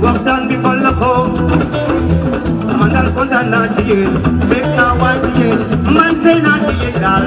waxtaan bi fan la ko man daal kontaan naa ci yéen bég man sey na ci dal.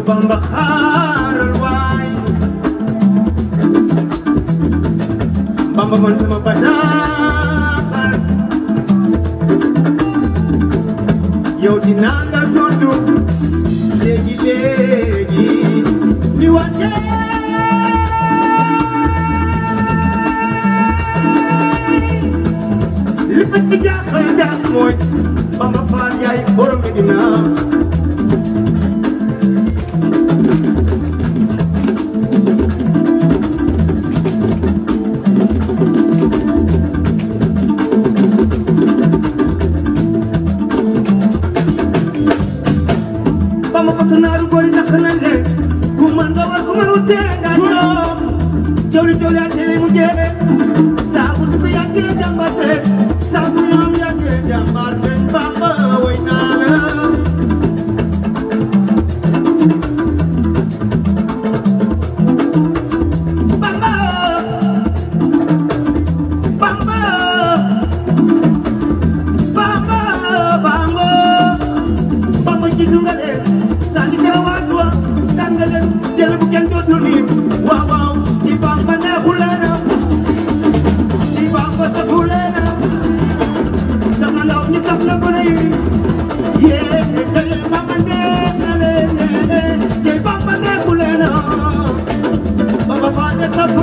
Seexu Bamba xaaral waay Bamba man sama bataaxal yow dinaa la tontu léegi léegi ni wàccee li ma ci jaaxal daal mooy Bamba Faal yaay borom Medina makotunaru gori nakhanande kuman gawar kuman utte danyo chori chori atele mujebe sabu tu yake jambate jël bu kenn dootul nii waaw waaw ci Bamba neexu leen ci Bamba taxu leen na gone yi yéen ñu jël Bamba na leen ci Bamba neexu leen Bamba Faal taxu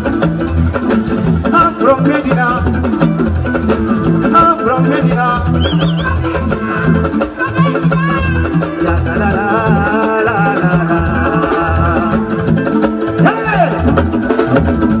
Thank you.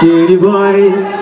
City boy